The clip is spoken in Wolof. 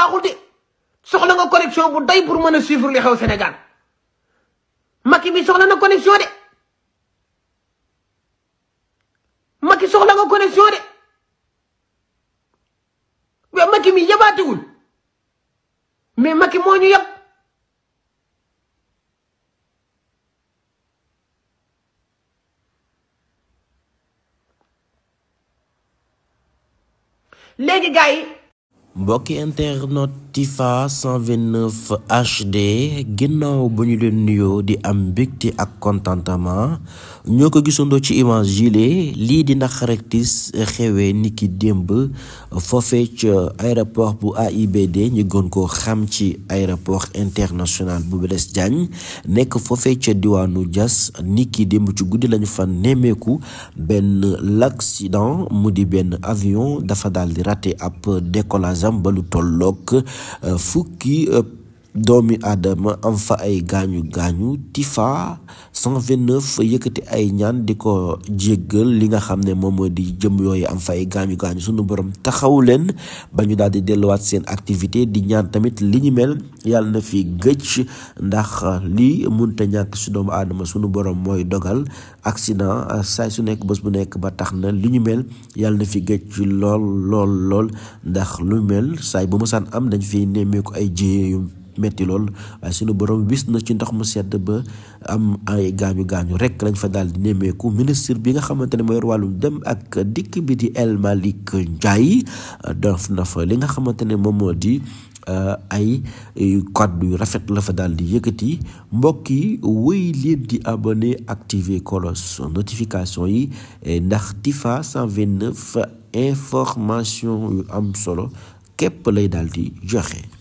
baaxul de soxla nga connexion bu day pour mën a suivre li xew Sénégal Macky mi soxla na connexion de Macky soxla nga connexion de mais Macky mi yabaatewul mais Macky moo yab léegi gars yi mbokki internet Tifa 129 HD ginnaaw ba ñu leen nuyoo di am mbégte ak contentement ñoo ko gisandoo ci image yile lii di ndax rectis xewee niki démb foofee ca aéroport bu AIBD ñu goon ko xam ci aéroport international bu Blaise Diagne nekk foofee ca diwaanu Diass niki démb ci guddi lañu fa nemmeeku benn l'accident mu di benn avion dafa daal di raté ab décollage xaalisam ba lu tolloog euh, doomi aadama am fa ay gaañu gaañu tifa 129 yëkkati ay ñaan di ko jéggal li nga xam ne moom mooy di jëm yooyu am fa ay gaañu gaañu sunu borom taxawu leen ba ñu daal di delluwaat seen activité di ñaan tamit li ñu mel yàlla na fi gëj ndax lii mënta ñàkk doomu aadama sunu borom mooy dogal accident saay su nekk bés bu nekk ba tax na li ñu mel yàlla na fi gëj lool lool lool ndax lu mel saay bu mësaan am dañ fi nemmeeku ay jiyee yu metti lool waaye sunu borom wis na ci ndox mu sedd ba am ay gaañu gaañu rek lañ fa daal di nemmeeku ministre bi nga xamante ne moo yor dem ak dikk bi di El Malick Ndiaye euh, li nga xamante ne moom moo di. Euh, ay kàddu yu rafet la fa daal di yëkkati mbokk yi wéy leen di abonné activer kolos notification yi ndax di Tifa 129 information yu am solo képp lay daal di joxe.